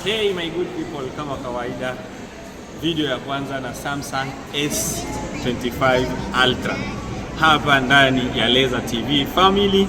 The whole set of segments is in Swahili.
Hey my good people, kama kawaida, video ya kwanza na Samsung S25 Ultra hapa ndani ya Leza TV family.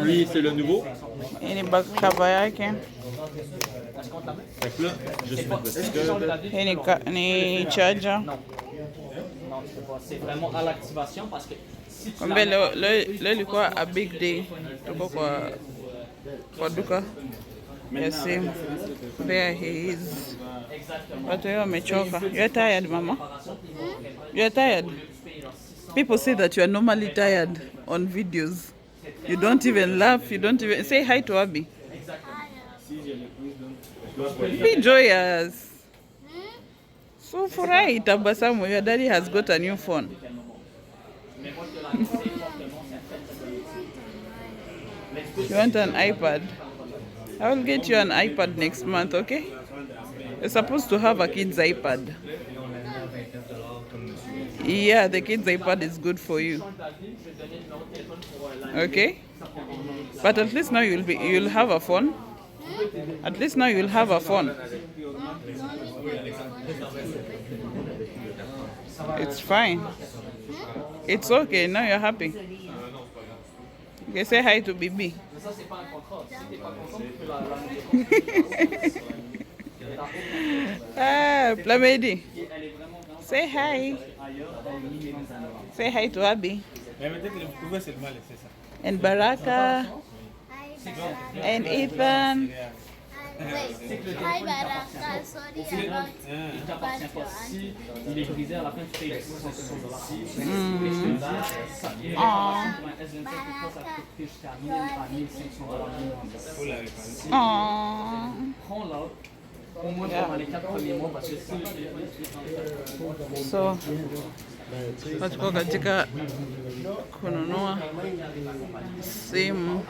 Oui, c'est le nouveau. Il le kabayarken. Bak là, je suis parce que. C'est vraiment à l'activation parce que si tu Kumbe un lui quoi a big day. Tuko quoi? Quoi du There he is. Exactement. tired People say that you are normally tired on videos. You don't even laugh. You don't even say hi to Abby. Be joyous. So for I, tabasamu. Your daddy has got a new phone. You want an iPad? I will get you an iPad next month, okay? You're supposed to have a kid's iPad. Yeah, the kids iPad is good for you. Okay. But at least now you'll be you'll have a phone. At least now you'll have a phone. It's fine. It's okay. Now you're happy. Okay, say hi to Bibi. ah, Plamedi. Say hi. Say hi to Abby. And Baraka. And Ethan. Hi Baraka, sorry about mm. Aww. Aww. So natuko katika kununua simu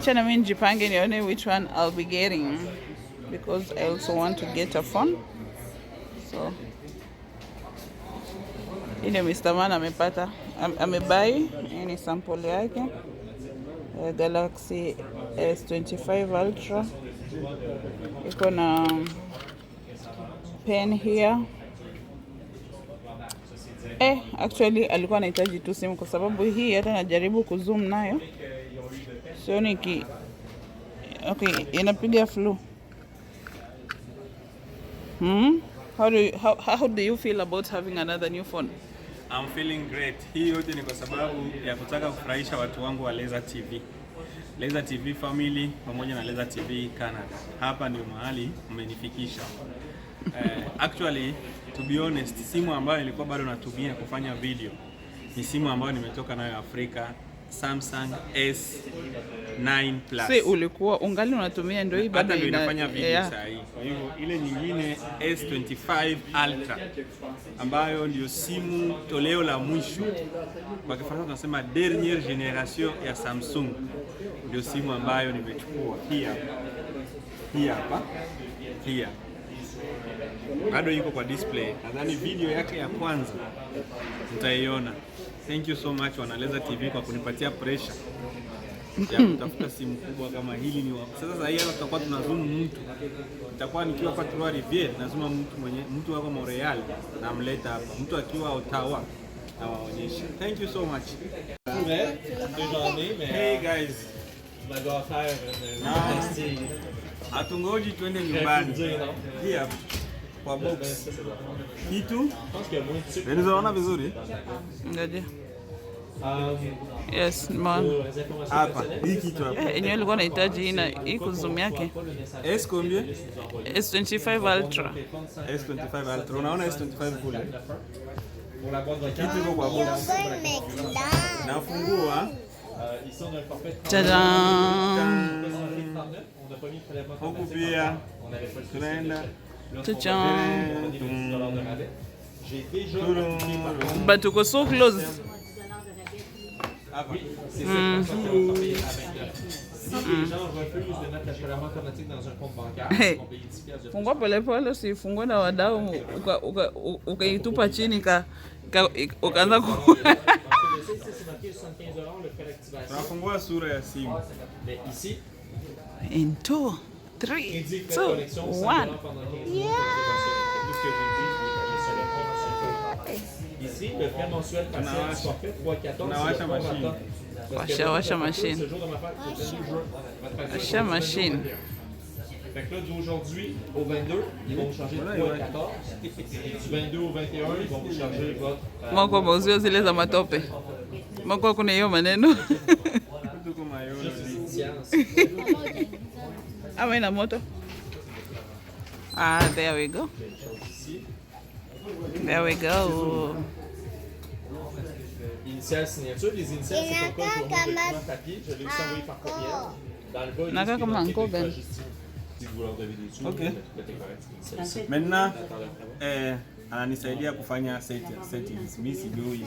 chana, mi njipange nione which one I'll be getting because I also want to get a phone so ile Mr. amepata amebai, ni sample yake uh, Galaxy S25 Ultra iko na pen here. Eh, actually alikuwa anahitaji tu simu kwa sababu hii hata najaribu kuzoom nayo sioni ki okay, inapiga flu. Hmm? How do you, how, how do you feel about having another new phone? I'm feeling great. Hii yote ni kwa sababu ya kutaka kufurahisha watu wangu wa Leza TV, Leza TV family pamoja na Leza TV Canada. Hapa ndio mahali mmenifikisha. Uh, actually to be honest, simu ambayo ilikuwa bado natumia kufanya video ni simu ambayo nimetoka nayo Afrika Samsung S9 Plus. Si ulikuwa ungali unatumia ndio hii bado inafanya video yeah. Sasa hii kwa hivyo ile nyingine S25 Ultra ambayo ndio simu toleo la mwisho, kwa Kifaransa tunasema dernier generation ya Samsung, ndio simu ambayo nimechukua pia hii hapa pia bado iko kwa display. Nadhani video yake ya kwanza mtaiona Thank you so much Wanaleza TV kwa kunipatia pressure ya kutafuta simu kubwa kama hili. Ni sasa sasa, hapa tutakuwa tunazumu mtu, nitakuwa nikiwa kwa Trois Riviere nazuma mtu mwenye mtu wako Montreal na mleta hapa, mtu akiwa Ottawa nawaonyesha Thank you so much. Hey guys, hatungoji tuende nyumbani. Yeah kwa box kitu inaona vizuri um, Yes man. Hapa hii kitu hapa. Yenyewe eh, ilikuwa inahitaji ina hii zoom yake. S combien? S25 Ultra. S25 Ultra. Unaona S25 kule. Kitu iko kwa box. Nafungua. Tada. Huku pia tunaenda Bateau so close. Ah oui, hmm. c'est ça. Hmm. Si hmm. de un fungua polepole usifungwe na wadau ukaitupa chini ukaanza ku sura ya simu. three, two, one. Ici, le frais mensuel partiel du forfait 3,14. Washa, machine. Washa machine. Fait que là, d'aujourd'hui au 22, ils vont changer de 3 à 14. Du 22 au 21, ils vont changer votre. Mwako mauzio zile za matope. Mwako kuna hiyo maneno. ama ina moto? Ah, there we go. There we go. Initiale signature. Les initiales, Maintenant, euh, ananisaidia kufanya setting. Mimi sijui.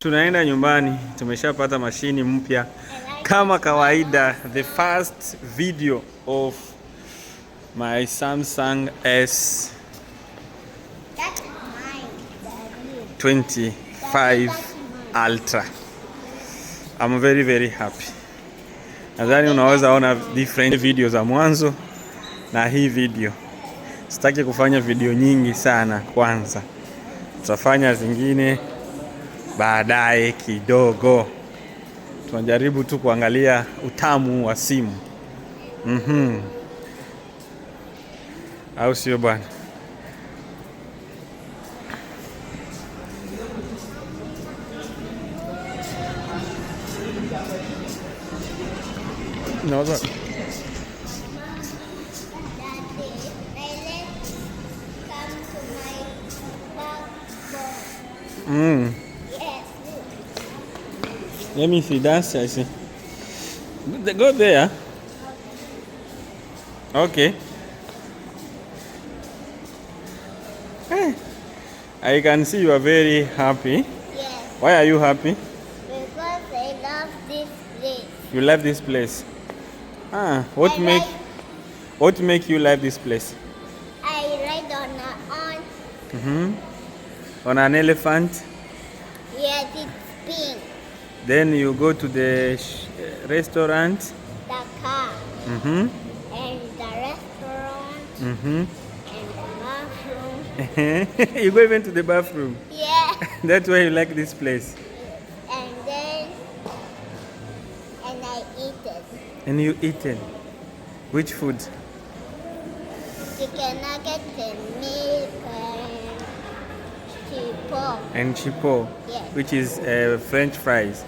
Tunaenda nyumbani, tumeshapata mashini mpya kama kawaida. The first video of my Samsung S25 Ultra. I'm very very happy. Nadhani unaweza ona different video za mwanzo na hii video. Sitaki kufanya video nyingi sana kwanza, tutafanya zingine baadaye kidogo. Tunajaribu tu kuangalia utamu wa simu, mm-hmm. Au sio bwana? No, it's mm. Let me see. That's I see. Go there. Ah. Okay. Hey. I can see you are very happy. Yes. Why are you happy? Because I love this place. You love this place. Ah, what I make like, what make you like this place? I ride on a, on. Mm -hmm. On an elephant. Yes, it's pink. Then you go to the uh, restaurant. The car. Mm -hmm. And the restaurant. Mm -hmm. And the bathroom. you go even to the bathroom. Yeah. That's why you like this place. And you eaten which food? Chicken nuggets and meat and chipo. And chipo, yes. which is uh, French fries.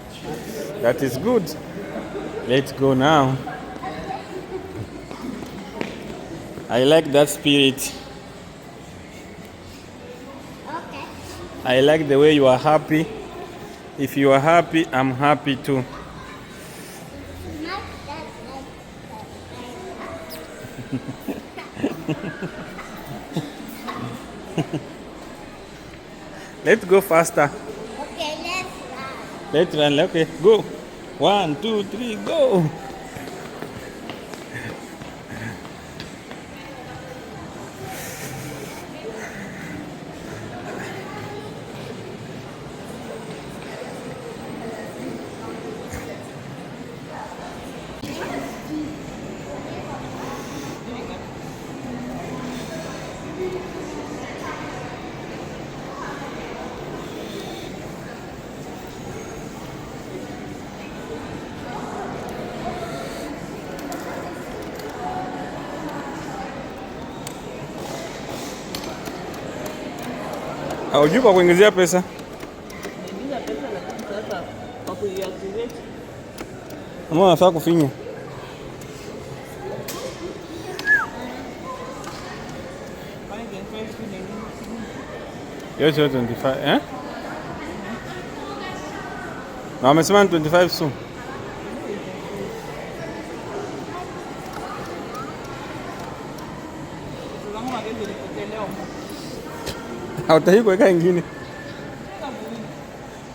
That is good. Let's go now. I like that spirit. Okay. I like the way you are happy. If you are happy, I'm happy too. Let's go faster. Okay, let's run. Let's run. Okay, go. One, two, three, go. Haujui pa kuingizia pesa? Ama nafaa kufinya yote 25 eh? Na wamesema 25 su hautaki kuweka ingine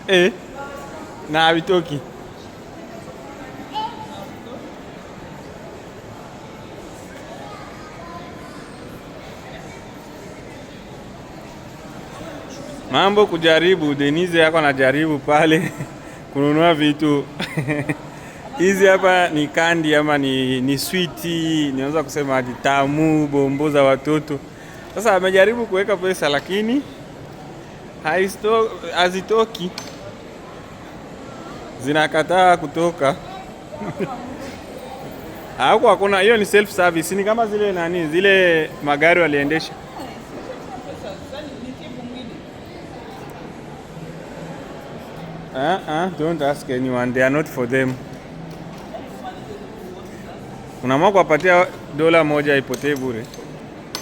eh? eh? na havitoki mambo kujaribu. Denise yako anajaribu pale kununua vitu hizi hapa ni kandi ama ni, ni switi, nianza kusema tamu, bombo za watoto. Sasa amejaribu kuweka pesa lakini hazitoki, zinakataa kutoka huko hakuna. Hiyo ni self service, ni kama zile nani, zile magari waliendesha Uh, uh, don't ask anyone. They are not for them. Unaamua kuwapatia dola moja ipotee bure.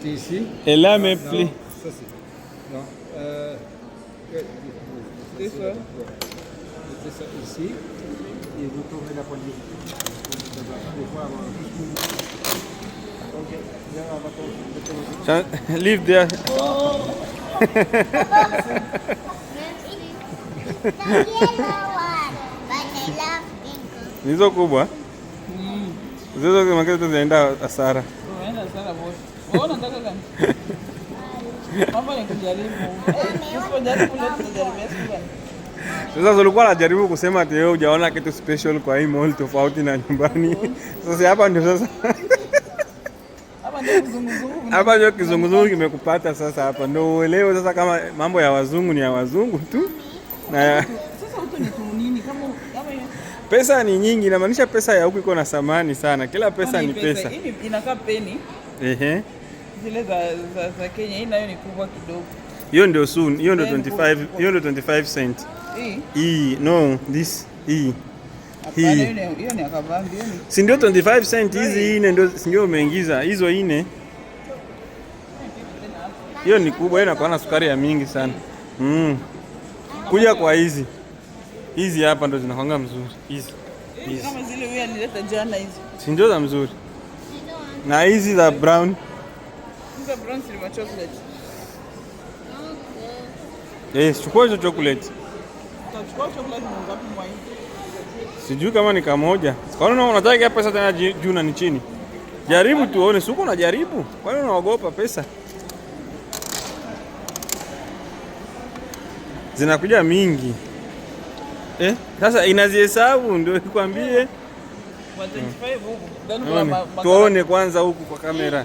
était ici. Et là, mes plis. Ça, c'est. Non. Euh, c'est ça. C'était ça ici. Et vous tournez la poignée. Des fois, on Leave there. Oh. Nizo kubwa. Mm. Zizo zinaenda hasara. Sasa ulikuwa najaribu kusema ati wewe hujaona kitu special kwa hii mall tofauti na nyumbani. Sasa hapa ndio sasa hapa ndio kizunguzungu kimekupata sasa, hapa ndio uelewe sasa kama mambo ya wazungu ni ya wazungu tu pesa ni nyingi, inamaanisha pesa ya huku iko na thamani sana. Kila pesa ni pesa, inakaa peni. Ehe zile za, za, za Kenya. Hii nayo ni kubwa kidogo. Hiyo ndio soon, hiyo ndio 25, hiyo ndio 25 cent. Hii Hii, no this hii Hii. Hiyo ni akabambi. si ndio 25 cent hizi ine ndio si ndio umeingiza hizo ine. Hiyo ni kubwa, hiyo inakuwa na sukari ya mingi sana mm. Kuja kwa hizi hizi hapa ndio zinakwanga mzuri hizi hizi, si ndio za mzuri na hizi za brown Hizi. Naomba brown silver chocolate. Okay. Eh, chukua hizo chokoleti Tutachukua Sijui kama ni kamoja. Kwa nini unataka pesa tena juu na ni chini? Jaribu tuone, si na jaribu Kwa nini unaogopa pesa? Zinakuja mingi. Eh, sasa inazihesabu ndio ikwambie Tuone kwanza huku kwa kamera.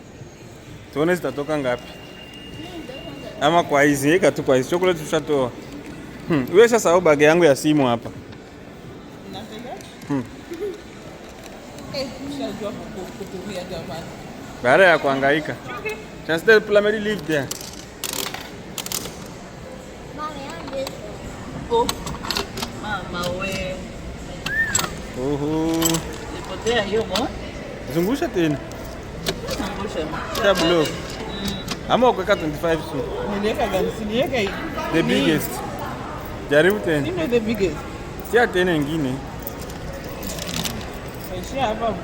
Tuone zitatoka ngapi, ama kwa hizi eka tu, kwa hizi chocolate tushatoa. Hmm. Uwesha sahau bage yangu ya simu hapa hmm. Baada ya kuhangaika zungusha tena I'm à ukweka 25 le plus grand The biggest. plus tena. the biggest. Sia tena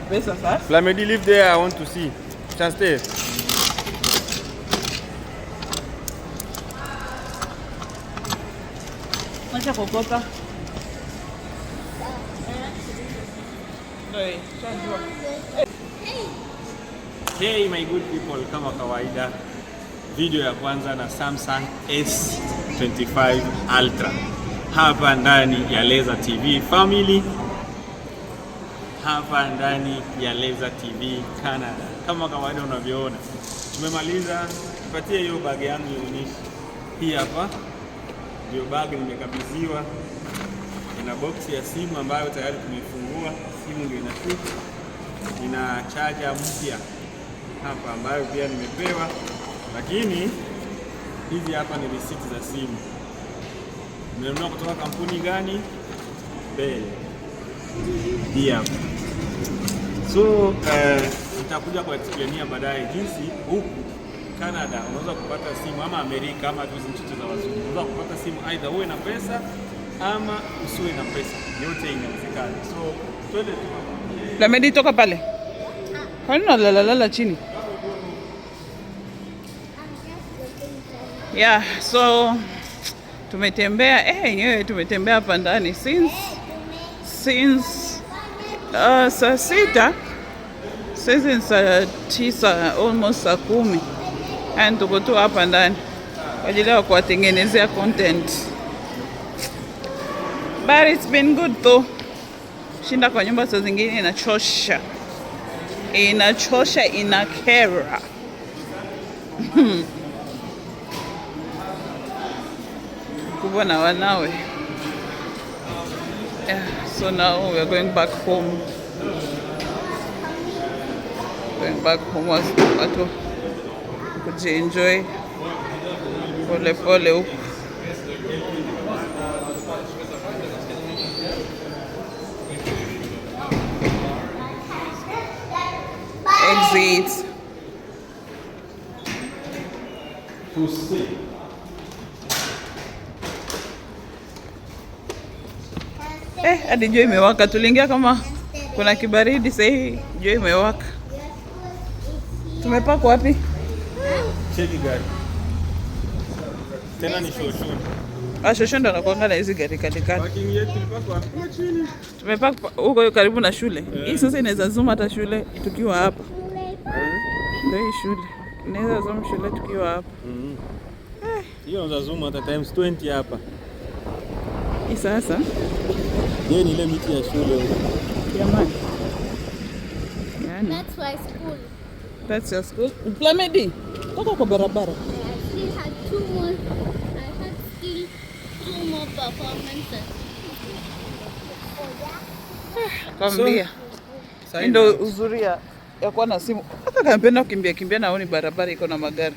pesa live there I want to see. Chance there. c'est Hey my good people, kama kawaida, video ya kwanza na Samsung S25 Ultra hapa ndani ya Leza TV family, hapa ndani ya Leza TV Canada. Kama kawaida unavyoona, tumemaliza kupatia hiyo bag yangu ionyeshe. Hii hapa ndio bag nimekabidhiwa, ina box ya simu ambayo tayari tumeifungua. Simu ndio inafika, ina charger mpya hapa ambayo pia nimepewa, lakini hizi hapa ni risiti za simu. Nimenunua kutoka kampuni gani? Mbele hii So eh, nitakuja uh, kuexplainia baadaye jinsi huku Canada unaweza kupata simu ama Amerika ama hizi nchi za wazungu unaweza kupata simu aidha uwe na pesa ama usiwe na pesa, yote inawezekana. So twende tu. Lamedi toka pale. Kwa Kwani nalalalala chini? Yeah, so tumetembea eh, yenyewe tumetembea hapa ndani since since uh, saa sita sisi saa tisa almost saa kumi and yaani tuko tu hapa ndani kwa ajili ya kuwatengenezea content, but it's been good though. Shinda kwa nyumba saa zingine inachosha. a inakera. Mkubwa hmm. na wanawe. Yeah, so now we are going back home. Going back home, watu kujienjoy polepole huku exit. Pousser. Eh, hadi jua imewaka. Tuliingia kama kuna kibaridi, sasa hii jua imewaka. Tumepaka wapi? Cheki Ah, shoshoni ndo anakuanga na hizi gari katikati. Tumepaka huko karibu na shule. Hii sasa inaweza zuma hata shule tukiwa hapa ndio shule tunaweza zoom shule tukiwa hapa mhm. eh. hiyo, unaweza zoom hata times 20 hapa. i sasa je, ni ile miti ya shule jamani? Yani that's why your school Plamedi, toka kwa barabara kwambia, ndio uzuria ya kuwa na simu. Hata kampenda kukimbia kimbia, na naoni barabara iko na magari.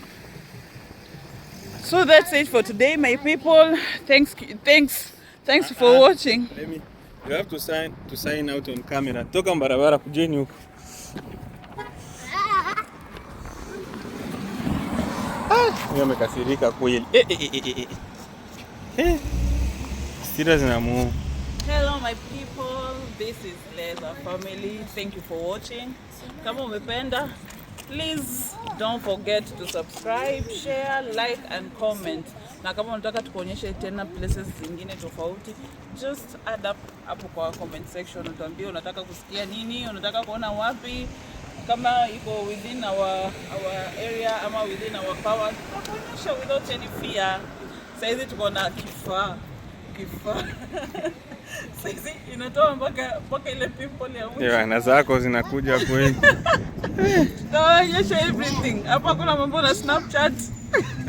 So that's it for today my people. Thanks, thanks, thanks ah, for ah. watching. Let me, you have to sign, to sign out on camera. Toka barabara kujeni huko. Ah, amekasirika kweli. Eh eh, eh, eh, eh, eh. Eh. Sira zinamuuma. Hello my people, this is Leza family. Thank you for watching. Kama umependa, please don't forget to subscribe, share, like and comment. Na kama unataka tukuonyeshe tena places zingine tofauti, just add up hapo kwa comment section, utaambia unataka kusikia nini, unataka kuona wapi, kama iko within our our area ama within our power, tutakuonyesha without any fear. Saizi tuko na kifaa kifaa Sisi inatoa mpaka mpaka ile pimple ya mwisho. Yeah, na zako zinakuja kweli. Tunaonyesha everything. Hapa kuna mambo na Snapchat.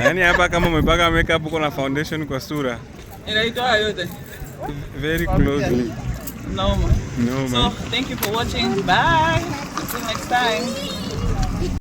Yaani hapa kama umepaka makeup uko na foundation kwa sura. Inaitoa yote. Very close. No. No. So, thank you for watching. Bye. See you next time.